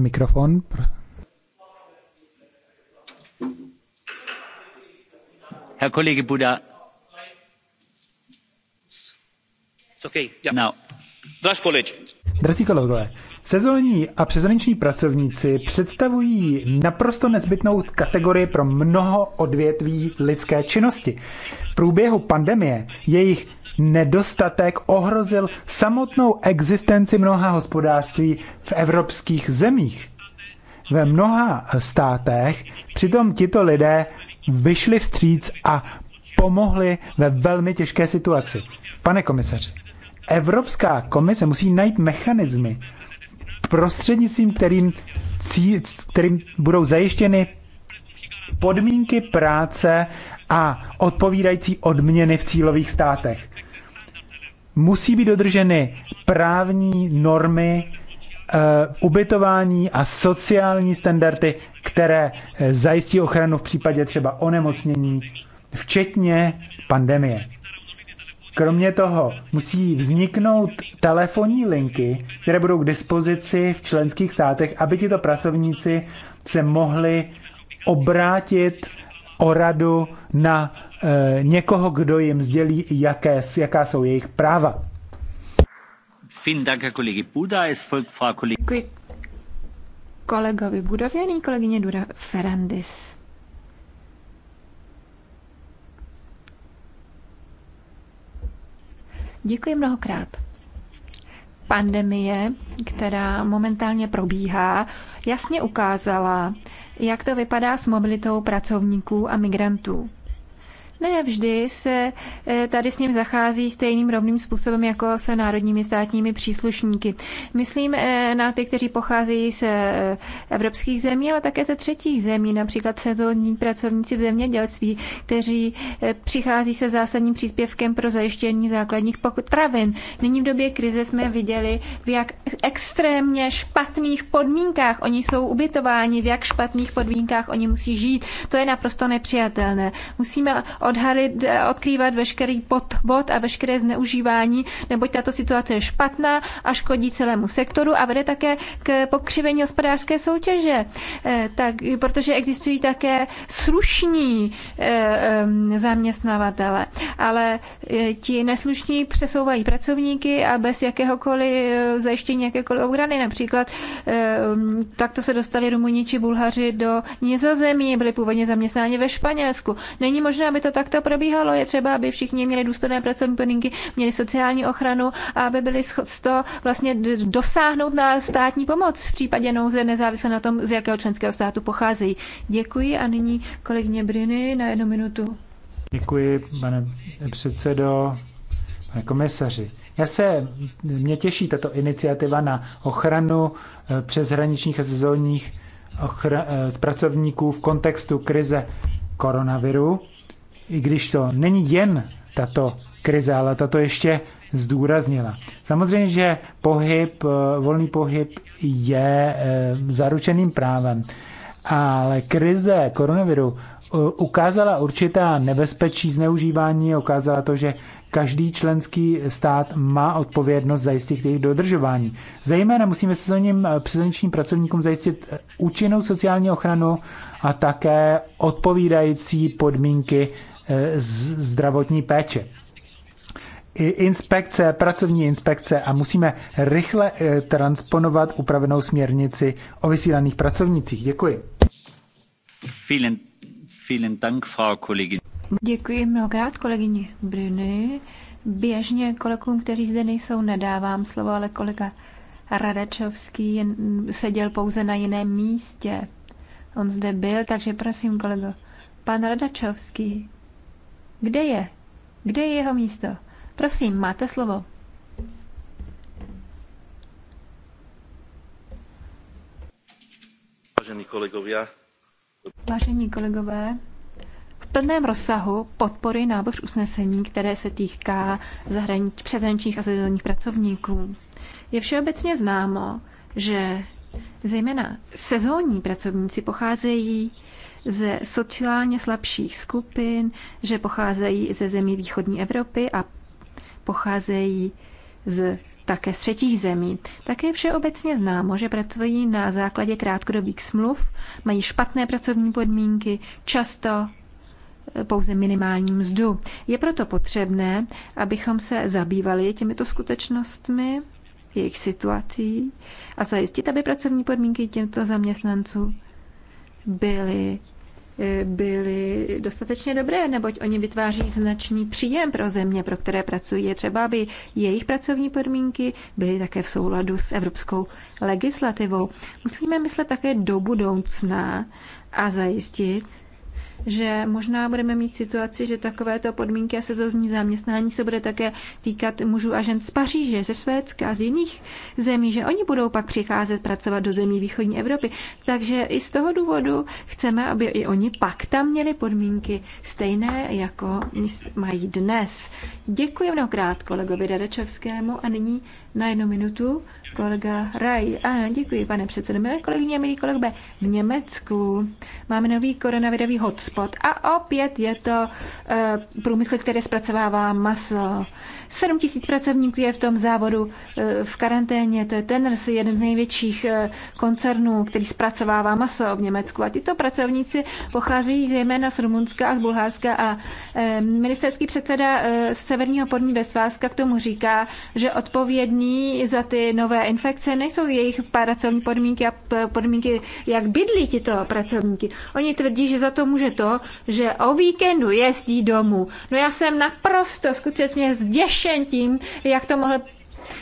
Mikrofon. Herr Kollege Buda. Okay, Drazí kolegové, sezónní a přezraniční pracovníci představují naprosto nezbytnou kategorii pro mnoho odvětví lidské činnosti. V průběhu pandemie jejich nedostatek ohrozil samotnou existenci mnoha hospodářství v evropských zemích. Ve mnoha státech přitom tito lidé vyšli vstříc a pomohli ve velmi těžké situaci. Pane komisaři, Evropská komise musí najít mechanismy, prostřednictvím kterým, kterým budou zajištěny podmínky práce a odpovídající odměny v cílových státech musí být dodrženy právní normy, eh, ubytování a sociální standardy, které eh, zajistí ochranu v případě třeba onemocnění, včetně pandemie. Kromě toho musí vzniknout telefonní linky, které budou k dispozici v členských státech, aby tito pracovníci se mohli obrátit o radu na Eh, někoho, kdo jim sdělí, jaké, jaká jsou jejich práva. Děkuji kolegovi Budově, nyní kolegyně Dura Ferrandis. Děkuji mnohokrát. Pandemie, která momentálně probíhá, jasně ukázala, jak to vypadá s mobilitou pracovníků a migrantů. Ne vždy se eh, tady s ním zachází stejným rovným způsobem jako se národními státními příslušníky. Myslím eh, na ty, kteří pocházejí z eh, evropských zemí, ale také ze třetích zemí, například sezónní pracovníci v zemědělství, kteří přichází se zásadním příspěvkem pro zajištění základních potravin. Nyní v době krize jsme viděli, v jak extrémně špatných podmínkách oni jsou ubytováni, v jak špatných podmínkách oni musí žít. To je naprosto nepřijatelné. Musíme odhalit, eh, odkrývat veškerý podvod a veškeré zneužívání, neboť tato situace je špatná a škodí celému sektoru a vede také k pokřivení hospodářské soutěže. Eh, tak, protože existují také slušní eh, zaměstnavatele, ale ti neslušní přesouvají pracovníky a bez jakéhokoliv zajištění jakékoliv obrany. Například takto se dostali Rumuni či Bulhaři do Nizozemí, byli původně zaměstnáni ve Španělsku. Není možné, aby tato tak to probíhalo. Je třeba, aby všichni měli důstojné pracovní podmínky, měli sociální ochranu a aby byli to vlastně dosáhnout na státní pomoc v případě nouze nezávisle na tom, z jakého členského státu pocházejí. Děkuji a nyní kolegyně Briny na jednu minutu. Děkuji, pane předsedo, pane komisaři. Já se, mě těší tato iniciativa na ochranu eh, přeshraničních a sezónních eh, pracovníků v kontextu krize koronaviru i když to není jen tato krize, ale tato ještě zdůraznila. Samozřejmě, že pohyb, eh, volný pohyb je eh, zaručeným právem, ale krize koronaviru eh, ukázala určitá nebezpečí zneužívání, ukázala to, že každý členský stát má odpovědnost zajistit jejich dodržování. Zejména musíme se sezónním přezoničním pracovníkům zajistit účinnou sociální ochranu a také odpovídající podmínky Eh, zdravotní péče. I inspekce, pracovní inspekce a musíme rychle eh, transponovat upravenou směrnici o vysílaných pracovnicích. Děkuji. Vielen, vielen Dank, Frau Kollegin. Děkuji mnohokrát kolegyni Bryny. Běžně kolegům, kteří zde nejsou, nedávám slovo, ale kolega Radačovský seděl pouze na jiném místě. On zde byl, takže prosím, kolego. Pan Radačovský, kde je? Kde je jeho místo? Prosím, máte slovo. Vážení kolegovia. Vážení kolegové, v plném rozsahu podpory návrh usnesení, které se týká zahranič, a sezónních pracovníků. Je všeobecně známo, že zejména sezónní pracovníci pocházejí ze sociálně slabších skupin, že pocházejí ze zemí východní Evropy a pocházejí z také z třetích zemí. Také všeobecně známo, že pracují na základě krátkodobých smluv, mají špatné pracovní podmínky, často e, pouze minimální mzdu. Je proto potřebné, abychom se zabývali těmito skutečnostmi, jejich situací a zajistit, aby pracovní podmínky těmto zaměstnanců byly E, byly dostatečně dobré, neboť oni vytváří značný příjem pro země, pro které pracují. Je třeba, aby jejich pracovní podmínky byly také v souladu s evropskou legislativou. Musíme myslet také do budoucna a zajistit, že možná budeme mít situaci, že takovéto podmínky a sezónní zaměstnání se bude také týkat mužů a žen z Paříže, ze Švédska a z jiných zemí, že oni budou pak přicházet pracovat do zemí východní Evropy. Takže i z toho důvodu chceme, aby i oni pak tam měli podmínky stejné, jako mají dnes. Děkuji mnohokrát kolegovi Dadačovskému a nyní na jednu minutu Kolega Raj. A děkuji, pane předsedo. Milé kolegyně, milí kolegové, v Německu máme nový koronavirový hotspot a opět je to uh, průmysl, který zpracovává maso. 7 tisíc pracovníků je v tom závodu uh, v karanténě. To je ten jeden z největších uh, koncernů, který zpracovává maso v Německu. A tyto pracovníci pocházejí zejména z Rumunska a z Bulharska. A uh, ministerský předseda e, Severního podní Vestválska k tomu říká, že odpovědní za ty nové dlouhé infekce nejsou jejich pracovní podmínky a podmínky, jak bydlí tito pracovníky. Oni tvrdí, že za to může to, že o víkendu jezdí domů. No já jsem naprosto skutečně zděšen tím, jak to mohl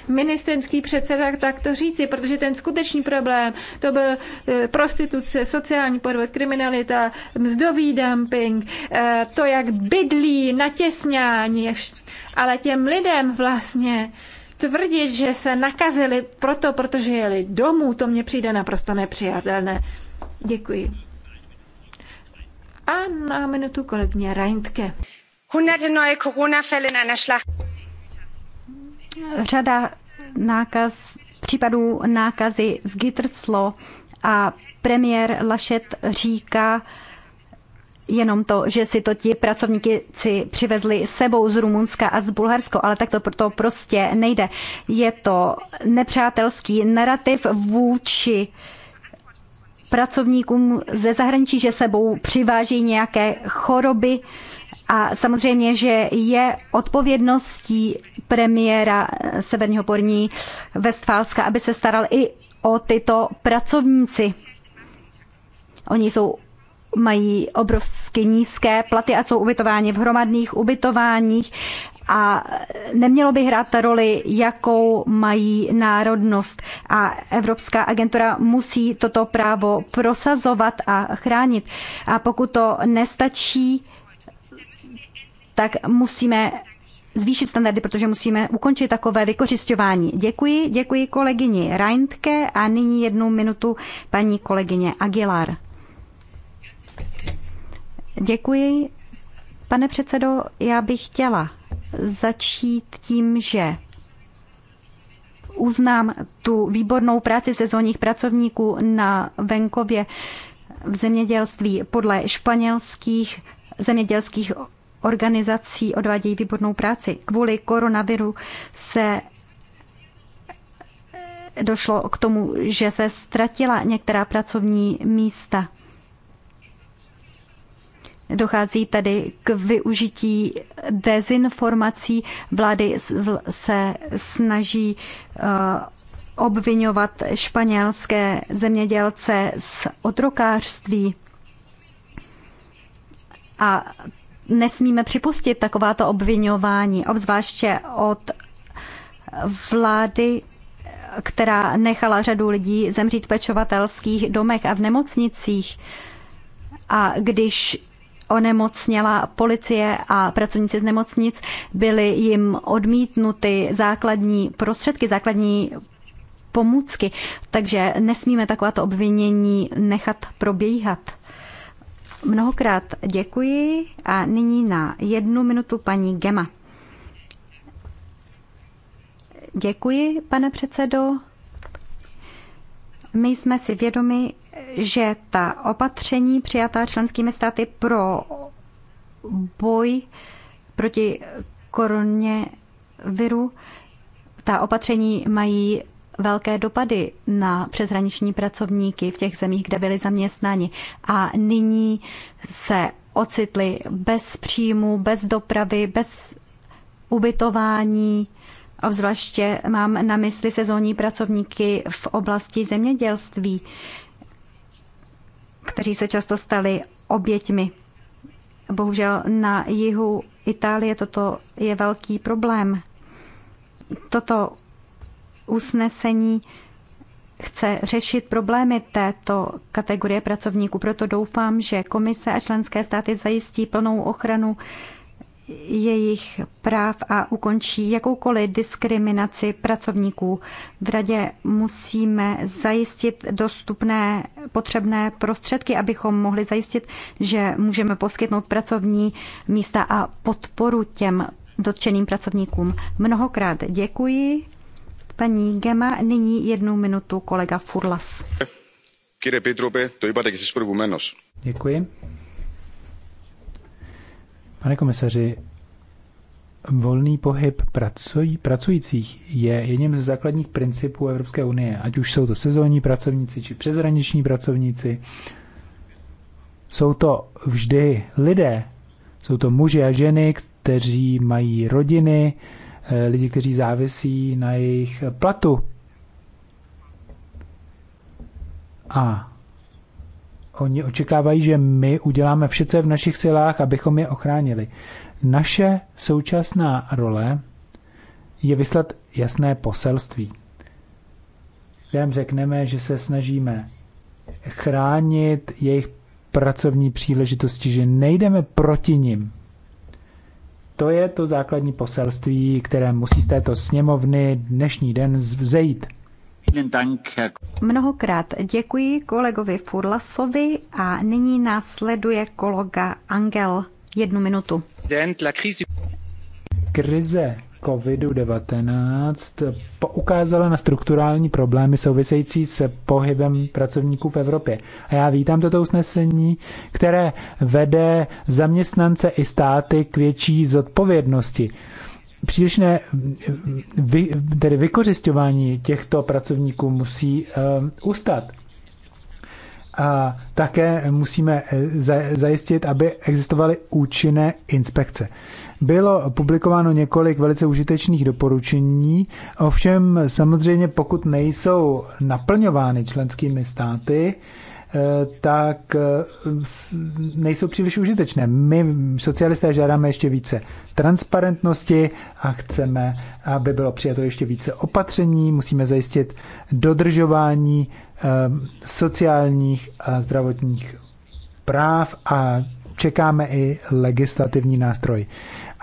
ministerský předseda tak to říci, protože ten skutečný problém to byl e, prostituce, sociální podvod, kriminalita, mzdový dumping, e, to, jak bydlí, natěsňání, ale těm lidem vlastně tvrdit, že se nakazili proto, protože jeli domů, to mně přijde naprosto nepřijatelné. Děkuji. A na minutu kolegyně Reintke. Řada nákaz, případů nákazy v Gitrclo a premiér Lašet říká, jenom to, že si to ti pracovníci přivezli sebou z Rumunska a z Bulharsko, ale tak to, to prostě nejde. Je to nepřátelský narrativ vůči pracovníkům ze zahraničí, že sebou přiváží nějaké choroby a samozřejmě, že je odpovědností premiéra Severního Porní Westfálska, aby se staral i o tyto pracovníci. Oni jsou mají obrovsky nízké platy a jsou ubytováni v hromadných ubytováních a nemělo by hrát roli, jakou mají národnost. A Evropská agentura musí toto právo prosazovat a chránit. A pokud to nestačí, tak musíme zvýšit standardy, protože musíme ukončit takové vykořišťování. Děkuji, děkuji kolegyni Reintke a nyní jednu minutu paní kolegyně Aguilar. Děkuji. Pane předsedo, já bych chtěla začít tím, že uznám tu výbornou práci sezónních pracovníků na venkově v zemědělství podle španělských zemědělských organizací odvádějí výbornou práci. Kvůli koronaviru se došlo k tomu, že se ztratila některá pracovní místa. Dochází tedy k využití dezinformací. Vlády se snaží eh, obvinovat španělské zemědělce z otrokářství. A nesmíme připustit takováto obvinování, obzvláště od vlády, která nechala řadu lidí zemřít v pečovatelských domech a v nemocnicích. A když onemocněla policie a pracovníci z nemocnic, byly jim odmítnuty základní prostředky, základní pomůcky. Takže nesmíme takováto obvinění nechat probíhat. Mnohokrát děkuji a nyní na jednu minutu paní Gema. Děkuji, pane předsedo. My jsme si vědomi, že ta opatření přijatá členskými státy pro boj proti koroně viru, ta opatření mají velké dopady na přeshraniční pracovníky v těch zemích, kde byli zaměstnáni. A nyní se ocitli bez příjmu, bez dopravy, bez ubytování. Obzvláště mám na mysli sezónní pracovníky v oblasti zemědělství kteří se často stali oběťmi. Bohužel na jihu Itálie toto je velký problém. Toto usnesení chce řešit problémy této kategorie pracovníků. Proto doufám, že komise a členské státy zajistí plnou ochranu jejich práv a ukončí jakoukoliv diskriminaci pracovníků. V radě musíme zajistit dostupné potřebné prostředky, abychom mohli zajistit, že můžeme poskytnout pracovní místa a podporu těm dotčeným pracovníkům. Mnohokrát děkuji. Paní Gema, nyní jednu minutu kolega Furlas. to Děkuji. Pane komisaři, volný pohyb pracuj, pracujících je jedním ze základních principů Evropské unie, ať už jsou to sezónní pracovníci či přezraniční pracovníci. Jsou to vždy lidé, jsou to muži a ženy, kteří mají rodiny, eh, lidi, kteří závisí na jejich platu. A Oni očekávají, že my uděláme vše, co je v našich silách, abychom je ochránili. Naše současná role je vyslat jasné poselství, kterém řekneme, že se snažíme chránit jejich pracovní příležitosti, že nejdeme proti nim. To je to základní poselství, které musí z této sněmovny dnešní den vzejít. Mnohokrát děkuji kolegovi Furlasovi a nyní následuje kolega Angel. Jednu minutu. Krize COVID-19 poukázala na strukturální problémy související se pohybem pracovníků v Evropě. A já vítám toto usnesení, které vede zaměstnance i státy k větší zodpovědnosti přílišné vy, tedy vykořišťování těchto pracovníků musí uh, ustat. A také musíme eh, zajistit, aby existovaly účinné inspekce. Bylo publikováno několik velice užitečných doporučení, ovšem samozřejmě pokud nejsou naplňovány členskými státy, Eh, tak eh, nejsou příliš užitečné. My, socialisté, žádáme ještě více transparentnosti a chceme, aby bylo přijato ještě více opatření. Musíme zajistit dodržování eh, sociálních a zdravotních práv a čekáme i legislativní nástroj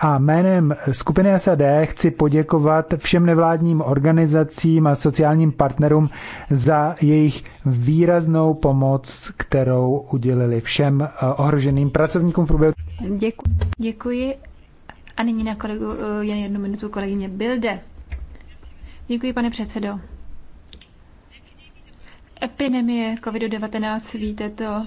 a jménem skupiny SAD chci poděkovat všem nevládním organizacím a sociálním partnerům za jejich výraznou pomoc, kterou udělili všem eh, ohroženým pracovníkům v průběhu. Děkuji. Děkuji. A nyní na kolegu, eh, jen jednu minutu kolegyně Bilde. Děkuji, pane předsedo. Epidemie COVID-19, víte to,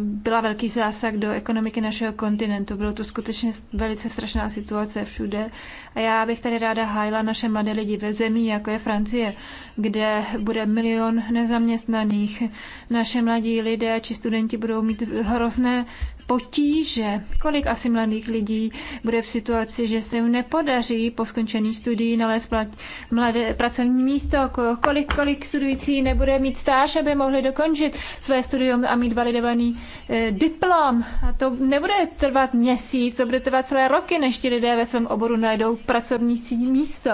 byla velký zásah do ekonomiky našeho kontinentu. Bylo to skutečně velice strašná situace všude. A já bych tady ráda hájila naše mladé lidi ve zemí, jako je Francie, kde bude milion nezaměstnaných. Naše mladí lidé či studenti budou mít hrozné potíže. Kolik asi mladých lidí bude v situaci, že se jim nepodaří po skončení studií nalézt mladé pracovní místo? Kolik, kolik studující nebude mít stáž, aby mohli dokončit své studium a mít validovaný e, diplom? A to nebude trvat měsíc, to bude trvat celé roky, než ti lidé ve svém oboru najdou pracovní místo.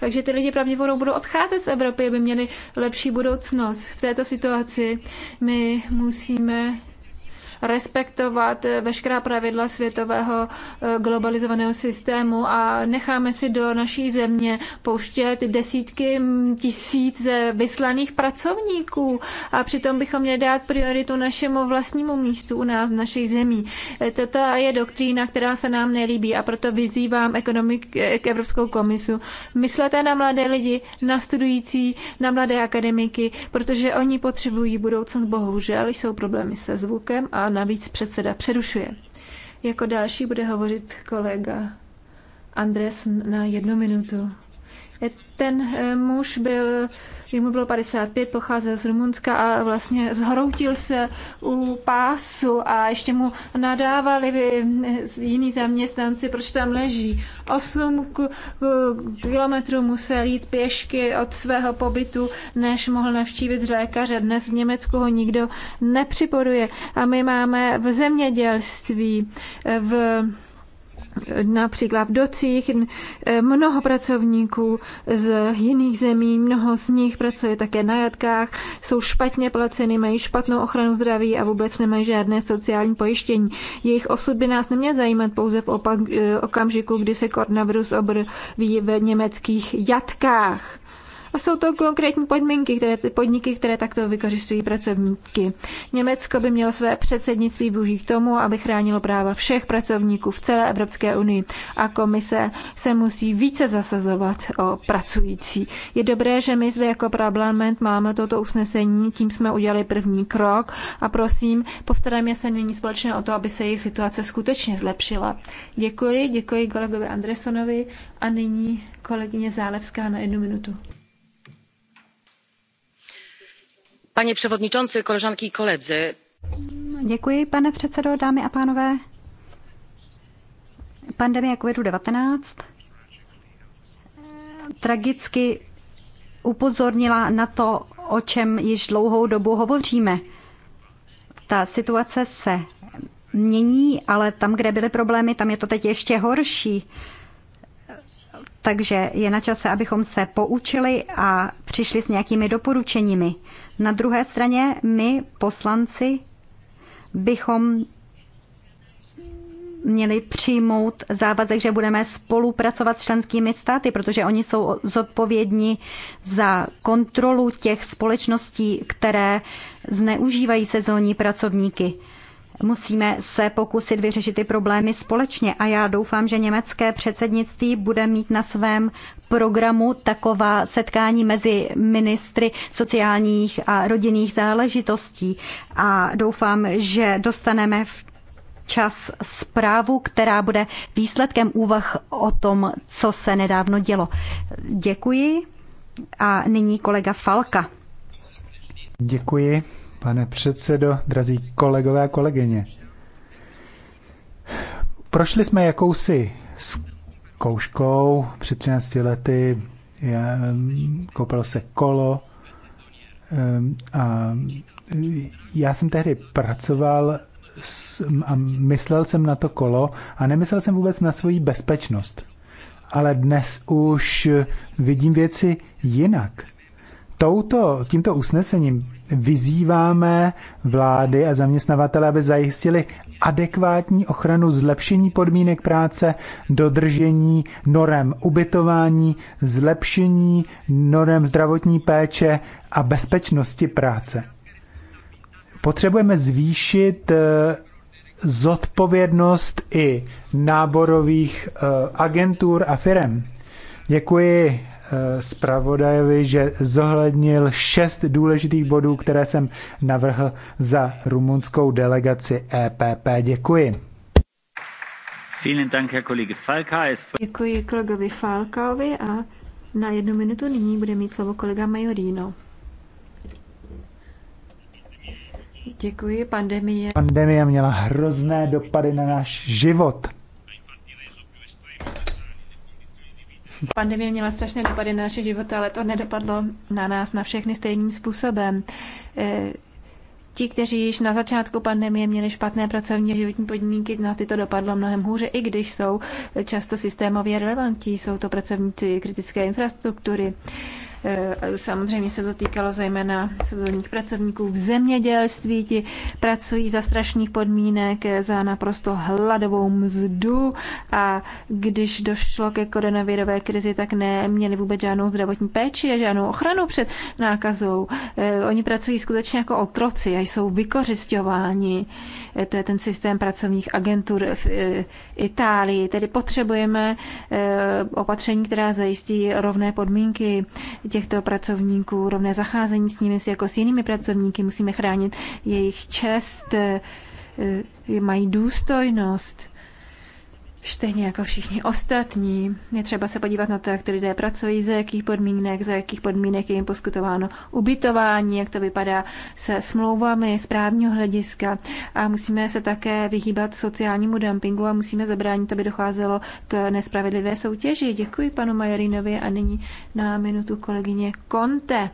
Takže ty lidi pravděpodobně budou odcházet z Evropy, aby měli lepší budoucnost. V této situaci my musíme respektovat eh, veškerá pravidla světového eh, globalizovaného systému a necháme si do naší země pouštět desítky tisíc eh, vyslaných pracovníků a přitom bychom měli dát prioritu našemu vlastnímu místu u nás v naší zemí. Toto je doktrína, která se nám nelíbí a proto vyzývám ekonomik, Evropskou komisu. Myslete na mladé lidi, na studující, na mladé akademiky, protože oni potřebují budoucnost. Bohužel jsou problémy se zvukem a navíc předseda přerušuje. Jako další bude hovořit kolega Andres na jednu minutu. Ten eh, muž byl, jemu bylo 55, pocházel z Rumunska a vlastně zhroutil se u pásu a ještě mu nadávali eh, jiní zaměstnanci, proč tam leží. 8 kilometrů musel jít pěšky od svého pobytu, než mohl navštívit lékaře. Dnes v Německu ho nikdo nepřipoduje. A my máme v zemědělství, eh, v například v docích e, mnoho pracovníků z jiných zemí, mnoho z nich pracuje také na jatkách, jsou špatně placeny, mají špatnou ochranu zdraví a vůbec nemají žádné sociální pojištění. Jejich osud by nás neměl zajímat pouze v opak, e, okamžiku, kdy se koronavirus obrví v německých jatkách. A jsou to konkrétní podmínky, které, podniky, které takto vykořistují pracovníky. Německo by mělo své předsednictví využít k tomu, aby chránilo práva všech pracovníků v celé Evropské unii a komise se musí více zasazovat o pracující. Je dobré, že my zde jako parlament máme toto usnesení, tím jsme udělali první krok a prosím, postarajme se nyní společně o to, aby se jejich situace skutečně zlepšila. Děkuji, děkuji kolegovi Andresonovi a nyní kolegyně Zálevská na jednu minutu. Pane przewodniczący, koleżanki i koledzy. Děkuji, pane předsedo, dámy a pánové. Pandemie COVID-19 tragicky upozornila na to, o čem již dlouhou dobu hovoříme. Ta situace se mění, ale tam, kde byly problémy, tam je to teď ještě horší. Takže je na čase, abychom se poučili a přišli s nějakými doporučeními. Na druhé straně my, poslanci, bychom měli přijmout závazek, že budeme spolupracovat s členskými státy, protože oni jsou zodpovědní za kontrolu těch společností, které zneužívají sezónní pracovníky. Musíme se pokusit vyřešit ty problémy společně a já doufám, že německé předsednictví bude mít na svém programu taková setkání mezi ministry sociálních a rodinných záležitostí a doufám, že dostaneme v čas zprávu, která bude výsledkem úvah o tom, co se nedávno dělo. Děkuji a nyní kolega Falka. Děkuji pane předsedo, drazí kolegové a kolegyně. Prošli jsme jakousi zkouškou před 13 lety, já, koupil se kolo ehm, a já jsem tehdy pracoval a myslel jsem na to kolo a nemyslel jsem vůbec na svoji bezpečnost. Ale dnes už vidím věci jinak. Touto, tímto usnesením vyzýváme vlády a zaměstnavatele, aby zajistili adekvátní ochranu zlepšení podmínek práce, dodržení norem ubytování, zlepšení norem zdravotní péče a bezpečnosti práce. Potřebujeme zvýšit eh, zodpovědnost i náborových eh, agentur a firem. Děkuji zpravodajovi, že zohlednil šest důležitých bodů, které jsem navrhl za rumunskou delegaci EPP. Děkuji. Děkuji kolegovi Falkaovi a na jednu minutu nyní bude mít slovo kolega Majorino. Děkuji, pandemie. Pandemie měla hrozné dopady na náš život Pandemie měla strašné dopady na naše životy, ale to nedopadlo na nás, na všechny stejným způsobem. Eh, ti, kteří již na začátku pandemie měli špatné pracovní a životní podmínky, na ty to dopadlo mnohem hůře, i když jsou často systémově relevantní. Jsou to pracovníci kritické infrastruktury. Eh, samozřejmě se to týkalo zejména sezónních pracovníků v zemědělství, ti pracují za strašných podmínek, eh, za naprosto hladovou mzdu a když došlo ke koronavirové krizi, tak neměli vůbec žádnou zdravotní péči a žádnou ochranu před nákazou. Eh, oni pracují skutečně jako otroci a jsou vykořišťováni. Eh, to je ten systém pracovních agentur v eh, Itálii. Tedy potřebujeme eh, opatření, která zajistí rovné podmínky těchto pracovníků, rovné zacházení s nimi jako s jinými pracovníky. Musíme chránit jejich čest, mají důstojnost stejně jako všichni ostatní. Je třeba se podívat na to, jak ty lidé pracují, za jakých podmínek, za jakých podmínek je jim poskytováno ubytování, jak to vypadá se smlouvami z právního hlediska. A musíme se také vyhýbat sociálnímu dumpingu a musíme zabránit, aby docházelo k nespravedlivé soutěži. Děkuji panu Majorinovi a nyní na minutu kolegyně Konte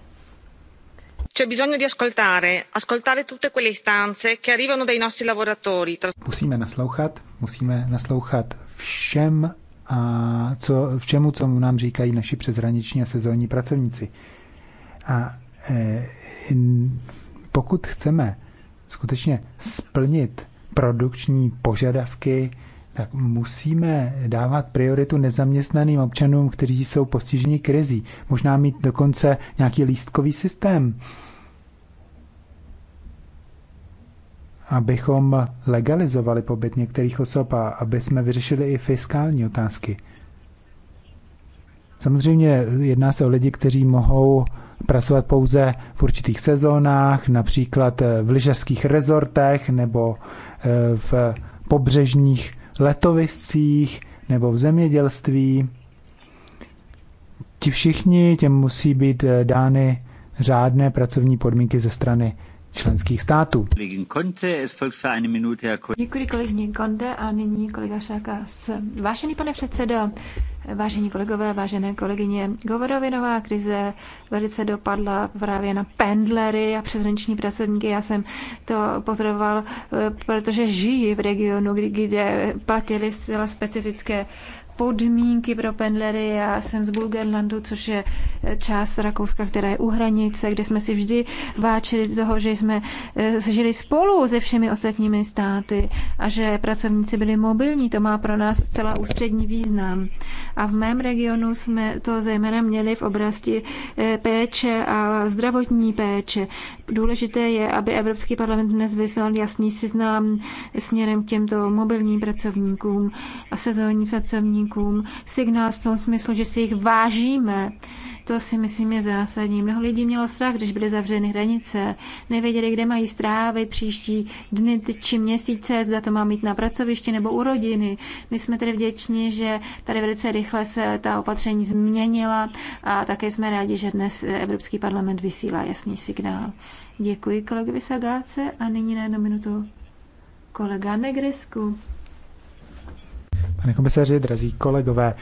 c'è bisogno di ascoltare, ascoltare tutte quelle istanze che arrivano dai nostri lavoratori. Musíme naslouchat, musíme naslouchat všem a co, všemu, co nám říkají naši přeshraniční a sezónní pracovníci. A e, in, pokud chceme skutečně splnit produkční požadavky tak musíme dávat prioritu nezaměstnaným občanům, kteří jsou postiženi krizí. Možná mít dokonce nějaký lístkový systém, abychom legalizovali pobyt některých osob a aby jsme vyřešili i fiskální otázky. Samozřejmě jedná se o lidi, kteří mohou pracovat pouze v určitých sezónách, například v lyžařských rezortech nebo eh, v pobřežních letoviscích nebo v zemědělství. Ti všichni, těm musí být eh, dány řádné pracovní podmínky ze strany členských států. Děkuji kolegyně Konde a nyní kolega Šáka. vášený pane předsedo, Vážení kolegové, vážené kolegyně, govorovinová krize velice dopadla právě na pendlery a přeshraniční pracovníky. Já jsem to pozoroval, eh, protože žijí v regionu, kde platili zcela specifické podmínky pro pendlery. Já jsem z Bulgarlandu, což je část Rakouska, která je u hranice, kde jsme si vždy váčili toho, že jsme eh, žili spolu se všemi ostatními státy a že pracovníci byli mobilní. To má pro nás zcela ústřední význam. A v mém regionu jsme to zejména měli v oblasti eh, péče a zdravotní péče. Důležité je, aby Evropský parlament dnes vyslal jasný seznam směrem k těmto mobilním pracovníkům a sezónním pracovníkům pracovníkům signál v tom smyslu, že si jich vážíme. To si myslím je zásadní. Mnoho lidí mělo strach, když byly zavřeny hranice. Nevěděli, kde mají strávit příští dny či měsíce, zda to má mít na pracovišti nebo u rodiny. My jsme tedy vděční, že tady velice rychle se ta opatření změnila a také jsme rádi, že dnes Evropský parlament vysílá jasný signál. Děkuji kolegovi Sagáce a nyní na jednu minutu kolega Negresku. Pane komisaři, drazí kolegové,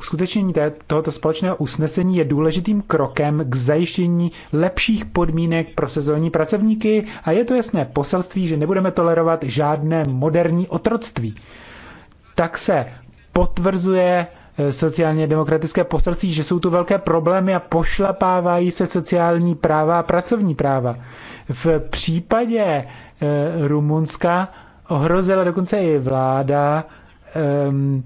uskutečnění tohoto společného usnesení je důležitým krokem k zajištění lepších podmínek pro sezónní pracovníky a je to jasné poselství, že nebudeme tolerovat žádné moderní otroctví. Tak se potvrzuje eh, sociálně demokratické poselství, že jsou tu velké problémy a pošlapávají se sociální práva a pracovní práva. V případě eh, Rumunska ohrozila dokonce i vláda um,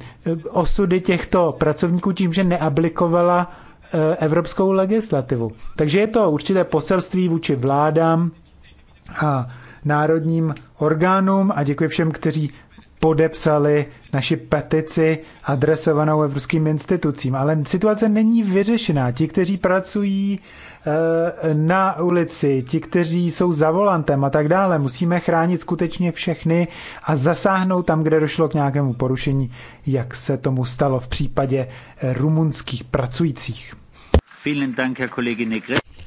osudy těchto pracovníků tím, že neaplikovala uh, evropskou legislativu. Takže je to určité poselství vůči vládám a národním orgánům a děkuji všem, kteří podepsali naši petici adresovanou evropským institucím. Ale situace není vyřešená. Ti, kteří pracují Eh, na ulici, ti, kteří jsou za volantem a tak dále. Musíme chránit skutečně všechny a zasáhnout tam, kde došlo k nějakému porušení, jak se tomu stalo v případě eh, rumunských pracujících.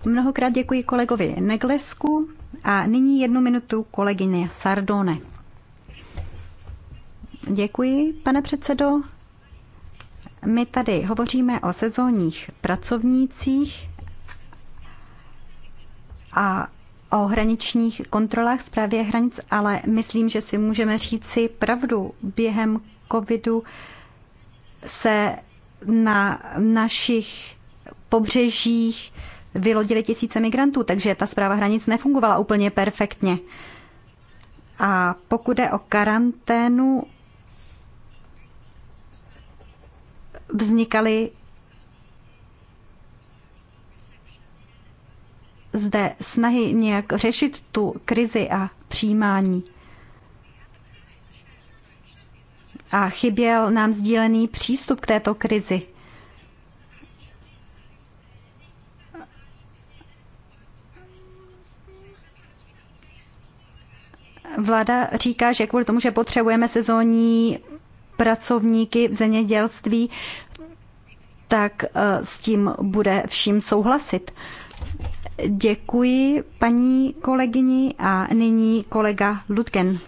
Mnohokrát děkuji kolegovi Neglesku a nyní jednu minutu kolegyně Sardone. Děkuji, pane předsedo. My tady hovoříme o sezónních pracovnících, a o hraničních kontrolách zprávě hranic, ale myslím, že si můžeme říci pravdu. Během covidu se na našich pobřežích vylodili tisíce migrantů, takže ta zpráva hranic nefungovala úplně perfektně. A pokud je o karanténu, vznikaly zde snahy nějak řešit tu krizi a přijímání. A chyběl nám sdílený přístup k této krizi. Vláda říká, že kvůli tomu, že potřebujeme sezónní pracovníky v zemědělství, tak eh, s tím bude vším souhlasit. Děkuji paní kolegyni a nyní kolega Ludken.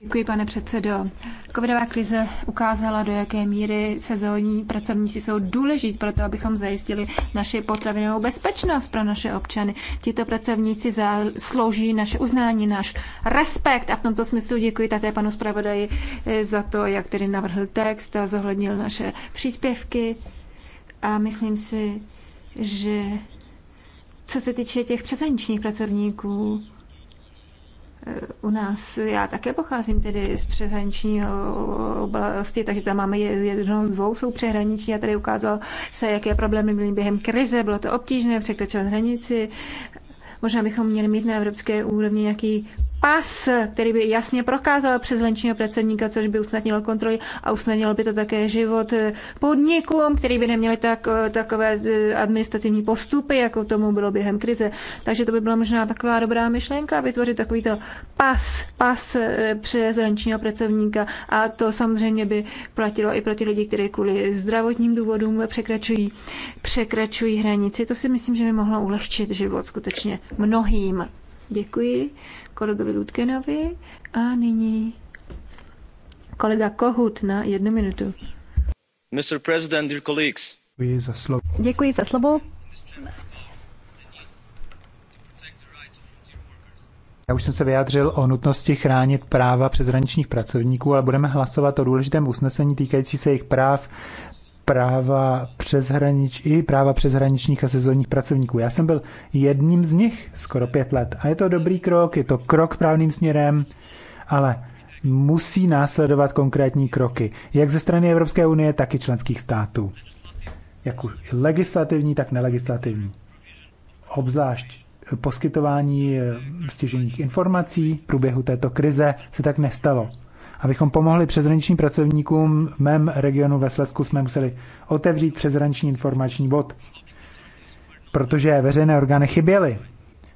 Děkuji, pane předsedo. Covidová krize ukázala, do jaké míry sezónní pracovníci jsou důležití pro to, abychom zajistili naši potravinovou bezpečnost pro naše občany. Tito pracovníci zaslouží naše uznání, náš respekt a v tomto smyslu děkuji také panu zpravodaji eh, za to, jak tedy navrhl text a zohlednil naše příspěvky. A myslím si, že co se týče těch přeshraničních pracovníků, eh, u nás, já také pocházím tedy z přehraniční oblasti, takže tam máme jedno z dvou, jsou přehraniční a tady ukázal se, jaké problémy byly během krize, bylo to obtížné překračovat hranici. Možná bychom měli mít na evropské úrovni nějaký pas, který by jasně prokázal lenčního pracovníka, což by usnadnilo kontroly a usnadnilo by to také život podnikům, který by neměli tak, takové eh, administrativní postupy, jako tomu bylo během krize. Takže to by byla možná taková dobrá myšlenka, vytvořit takovýto pas, pas lenčního eh, pracovníka a to samozřejmě by platilo i pro ty lidi, kteří kvůli zdravotním důvodům překračují, překračují hranici. To si myslím, že by mohlo ulehčit život skutečně mnohým. Děkuji kolegovi Lutkenovi a nyní kolega Kohut na jednu minutu. Mr. President, dear colleagues. Děkuji za slovo. Děkuji za slovo. Já už jsem se vyjádřil o nutnosti chránit práva přeshraničních pracovníků, ale budeme hlasovat o důležitém usnesení týkající se jejich práv práva přeshranič, i práva přeshraničních a sezónních pracovníků. Já jsem byl jedním z nich skoro pět let a je to dobrý krok, je to krok správným směrem, ale musí následovat konkrétní kroky, jak ze strany Evropské unie, tak i členských států. Jak už legislativní, tak nelegislativní. Obzvlášť poskytování eh, stěžených informací v průběhu této krize se tak nestalo. Abychom pomohli přezraničním pracovníkům v mém regionu ve Slesku, jsme museli otevřít přezraniční informační bod, protože veřejné orgány chyběly.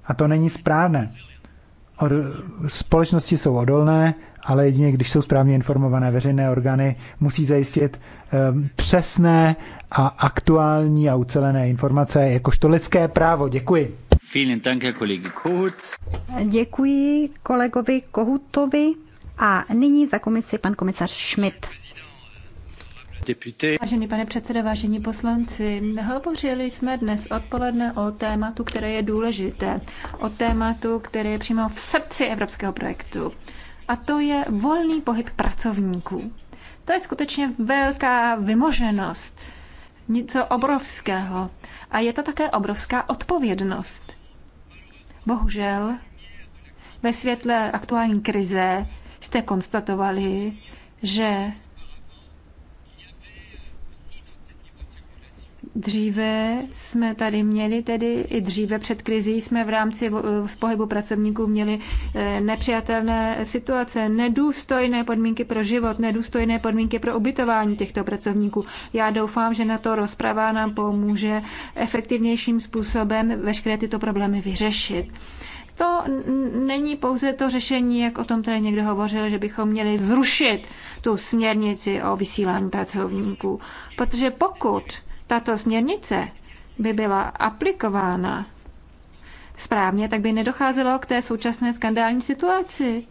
A to není správné. Od, společnosti jsou odolné, ale jedině když jsou správně informované veřejné orgány, musí zajistit um, přesné a aktuální a ucelené informace, jakožto lidské právo. Děkuji. Vielen Dank, Herr Kollege Kohut. Děkuji kolegovi Kohutovi. A nyní za komisi pan komisař Schmidt. Deputé. Vážený pane předsedo, vážení poslanci, hovořili jsme dnes odpoledne o tématu, které je důležité, o tématu, které je přímo v srdci evropského projektu. A to je volný pohyb pracovníků. To je skutečně velká vymoženost, něco obrovského. A je to také obrovská odpovědnost. Bohužel, ve světle aktuální krize jste konstatovali, že Dříve jsme tady měli, tedy i dříve před krizí, jsme v rámci z pohybu pracovníků měli eh, nepřijatelné situace, nedůstojné podmínky pro život, nedůstojné podmínky pro ubytování těchto pracovníků. Já doufám, že na to rozprava nám pomůže efektivnějším způsobem veškeré tyto problémy vyřešit. To není pouze to řešení, jak o tom tady někdo hovořil, že bychom měli zrušit tu směrnici o vysílání pracovníků. Protože pokud tato směrnice by byla aplikována správně, tak by nedocházelo k té současné skandální situaci.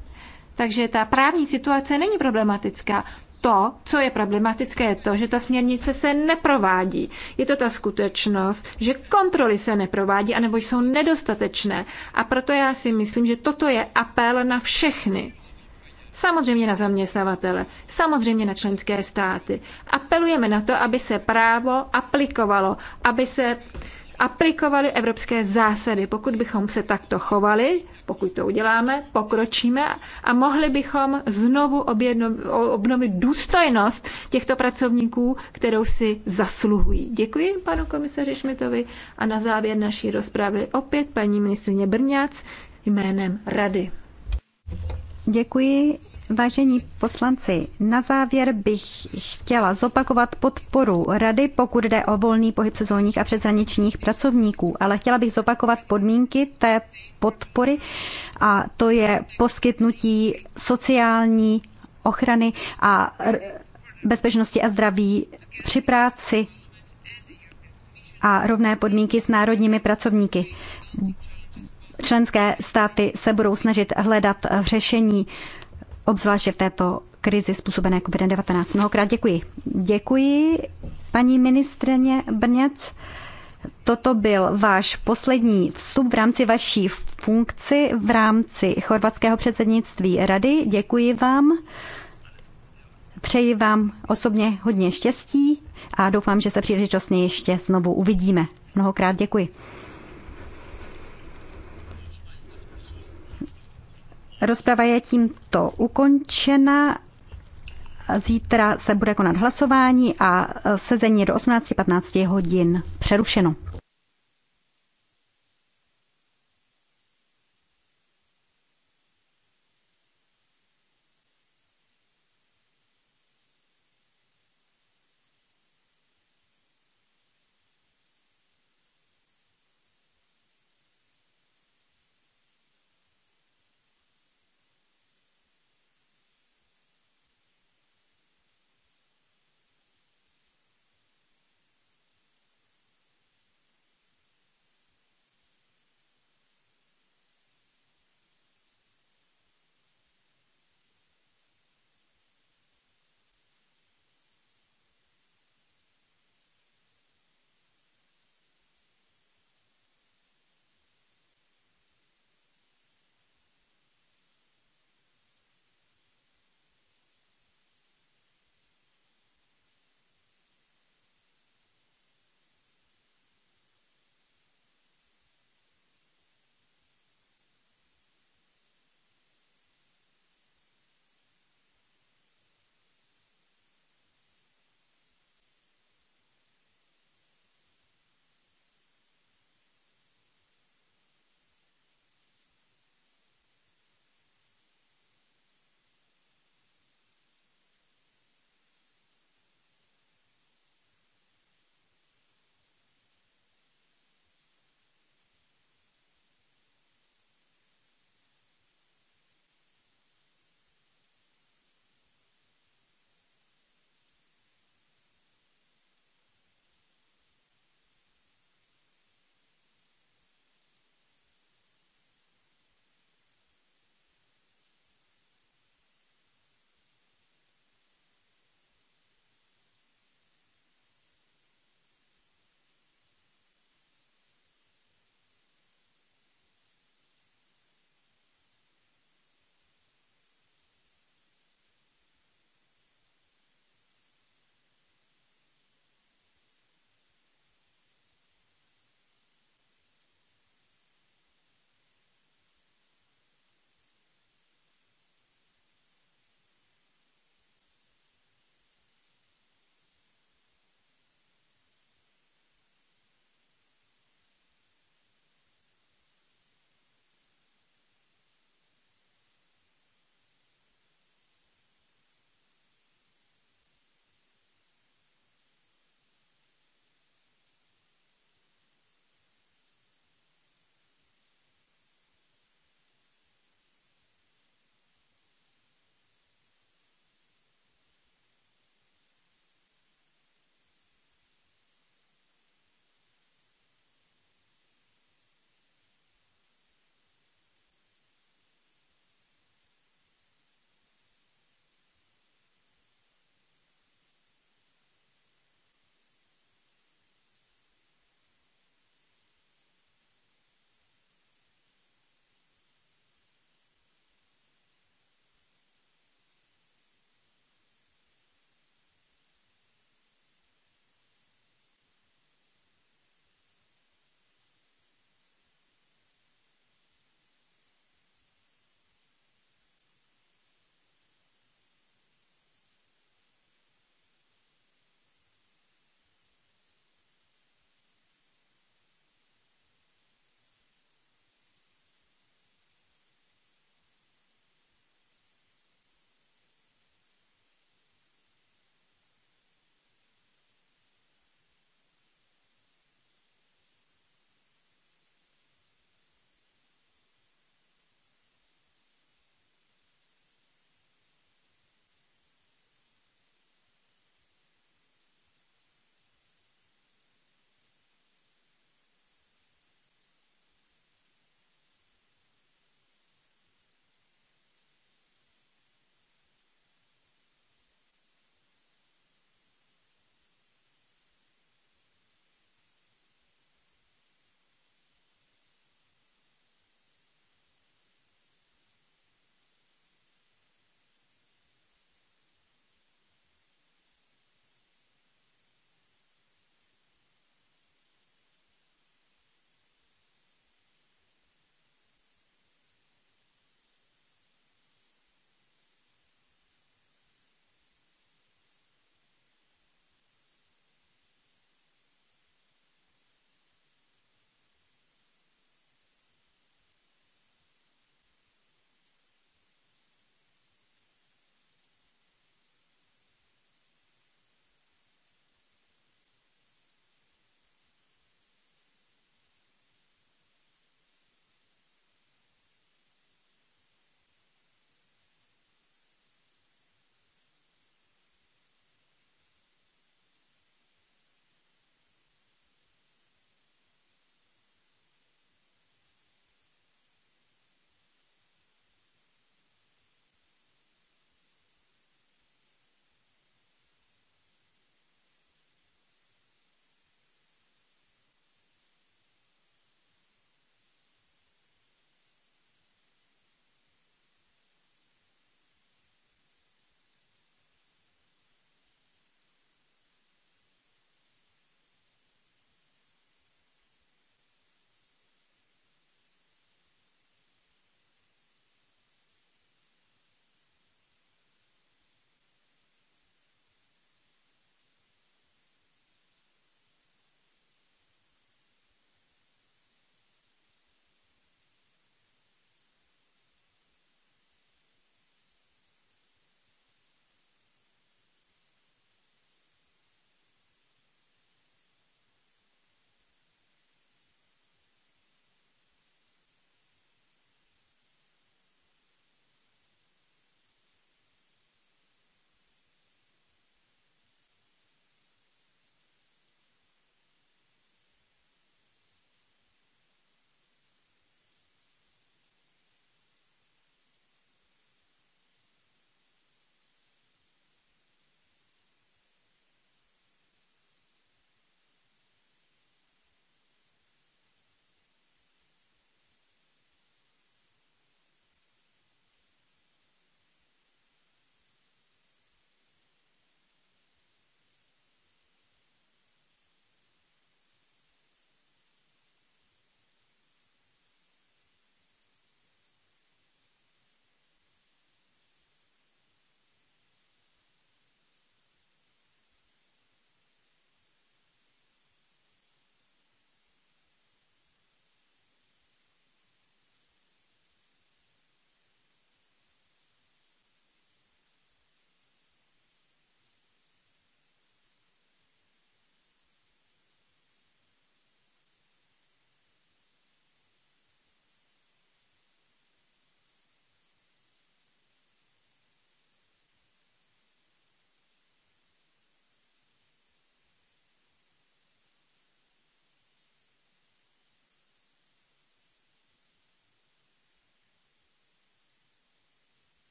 Takže ta právní situace není problematická to, co je problematické, je to, že ta směrnice se neprovádí. Je to ta skutečnost, že kontroly se neprovádí, anebo jsou nedostatečné. A proto já si myslím, že toto je apel na všechny. Samozřejmě na zaměstnavatele, samozřejmě na členské státy. Apelujeme na to, aby se právo aplikovalo, aby se aplikovali evropské zásady. Pokud bychom se takto chovali, pokud to uděláme, pokročíme a mohli bychom znovu obnovit důstojnost těchto pracovníků, kterou si zasluhují. Děkuji panu komisaři Šmitovi a na závěr naší rozpravy opět paní ministrině Brňac jménem Rady. Děkuji Vážení poslanci, na závěr bych chtěla zopakovat podporu Rady, pokud jde o volný pohyb sezónních a přeshraničních pracovníků, ale chtěla bych zopakovat podmínky té podpory a to je poskytnutí sociální ochrany a bezpečnosti a zdraví při práci a rovné podmínky s národními pracovníky. Členské státy se budou snažit hledat řešení obzvláště v této krizi způsobené COVID-19. Mnohokrát děkuji. Děkuji, paní ministrině Brněc. Toto byl váš poslední vstup v rámci vaší funkci, v rámci chorvatského předsednictví rady. Děkuji vám. Přeji vám osobně hodně štěstí a doufám, že se příležitostně ještě znovu uvidíme. Mnohokrát děkuji. Rozprava je tímto ukončena. Zítra se bude konat hlasování a sezení do 18.15 hodin přerušeno.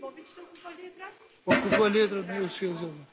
Popovič to úplně trafí. Pokud letra, meu senhor.